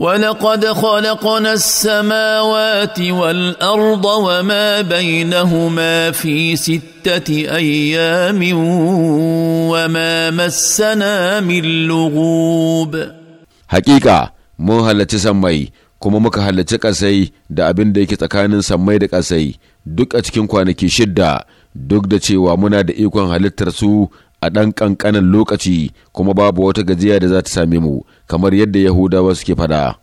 ولقد خلقنا السماوات والارض وما بينهما في سته ايام وما مسنا من لغوب حقيقه mun halarci sammai kuma muka halarci ƙasai da abin da yake tsakanin sammai da ƙasai duk a cikin kwanaki shidda duk da cewa muna da ikon halittar su a ɗan ƙanƙanin lokaci kuma babu wata gajiya da za ta same mu kamar yadda Yahudawa suke faɗa.